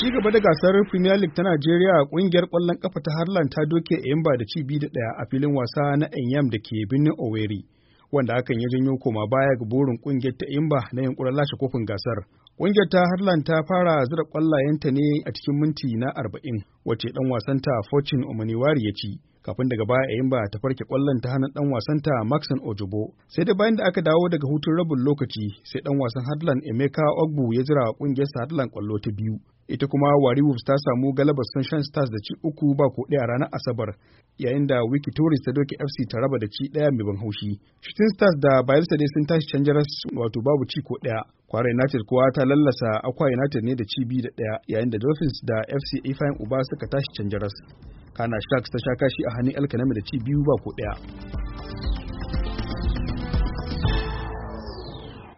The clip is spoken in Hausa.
ci gaba da gasar Premier League ta Najeriya kungiyar kwallon kafa ta Harlan ta doke emba da ci biyu da ɗaya a filin wasa na Enyam da ke birnin oweri wanda hakan ya janyo koma baya ga burin kungiyar ta Imba na yunkurin lashe kofin gasar. Kungiyar ta Harlan ta fara zura kwallayenta ne a cikin minti na arba'in, wacce ɗan ta Fortune Omaniwari ya ci. kafin daga baya Imba ta farke kwallon ta hannun dan ta Maxon Ojobo. Sai da bayan da aka dawo daga hutun rabin lokaci sai dan wasan harlan Emeka Ogbu ya jira kungiyar harlan kwallo ta biyu ita kuma wari wolves ta samu galabar sunshine stars da ci uku ba ko ɗaya ranar asabar yayin da wiki tourist ta doki fc ta raba da ci daya mai ban haushi shooting stars da bayelsa dai sun tashi canjaras wato babu ci ko ɗaya kwara united kuwa ta lallasa akwa united ne da ci biyu da ɗaya yayin da dolphins da fc ifeanyi uba suka tashi canjaras, kana sharks ta sha kashi a hannun alkanami da ci biyu ba ko ɗaya